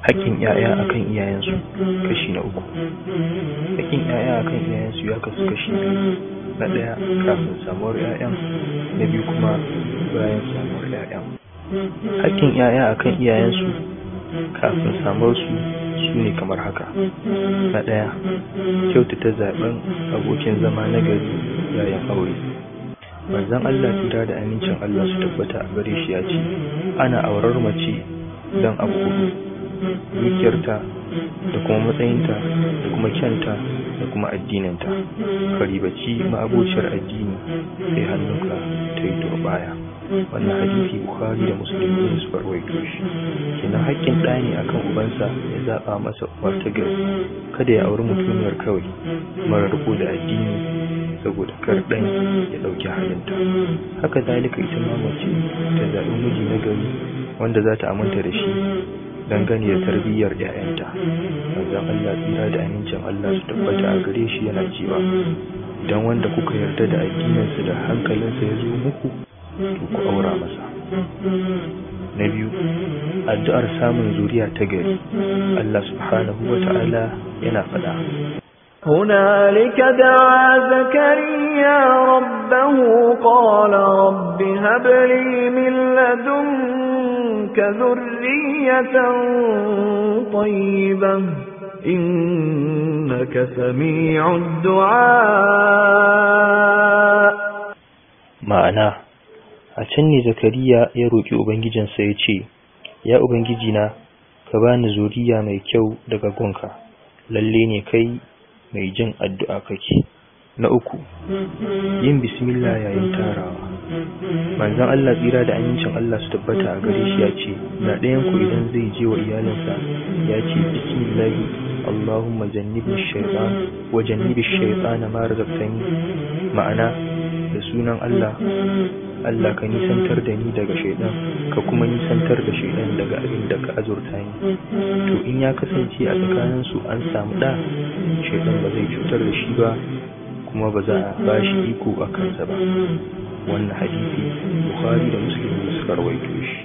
hakkin yaya akan iyayensu kashi na uku hakkin yaya akan iyayensu ya kasu kashi na ɗaya kafin samuwar yayan na biyu kuma bayan samuwar yayan hakkin yaya akan iyayensu kafin samuwar su su ne kamar haka na ɗaya kyautata zaben abokin zama na gari yayin aure manzon Allah tura da amincin Allah su tabbata a gare shi ya ce ana aurar mace don abu dukiyarta da kuma matsayinta da kuma kyanta da kuma addininta karibaci ma'abociyar addini sai hannunka ta yi baya wannan hadisi bukhari da musulmi ne suka rawaito shi kenan haƙƙin ɗa ne akan ubansa ya zaɓa masa uwa ta gari kada ya auri mutumiyar kawai mara riko da addini saboda kar ɗan ya ɗauki halinta haka zalika ita mamace ta zaɓi miji na gari wanda za ta aminta da shi dangane da tarbiyyar 'ya'yanta manzon Allah tsira da amincin Allah su tabbata a gare shi yana cewa idan wanda kuka yarda da addininsa da hankalinsa ya zo muku to ku aura masa na biyu addu'ar samun zuriya ta gari Allah subhanahu wa ta'ala yana faɗa هنالك دعا زكريا ربه قال رب هب لي من لدنك يرزقك ذرية طيبة إنك سميع الدعاء Ma'ana, a can ne zakariya ya roƙi ubangijinsa ya ce ya ubangijina ka bani zuriya mai kyau daga gonka lalle ne kai mai jin addu'a kake na uku yin bismillah yayin tarawa manzon Allah tsira da amincin Allah su tabbata a gare shi ya ce na ɗayan ku idan zai je wa iyalinsa ya ce bismillah Allahumma jannibi shaytan wa jannibi shaytan ma razaqtani ma'ana da sunan Allah Allah ka nisantar da ni daga shaidan ka kuma nisantar da shaidan daga abin da ka azurta ni to in ya kasance a tsakanin su an samu da shaidan ba zai cutar da shi ba kuma ba za a ba shi iko a kansa ba wannan hadisi bukhari da muslim suka rawaito shi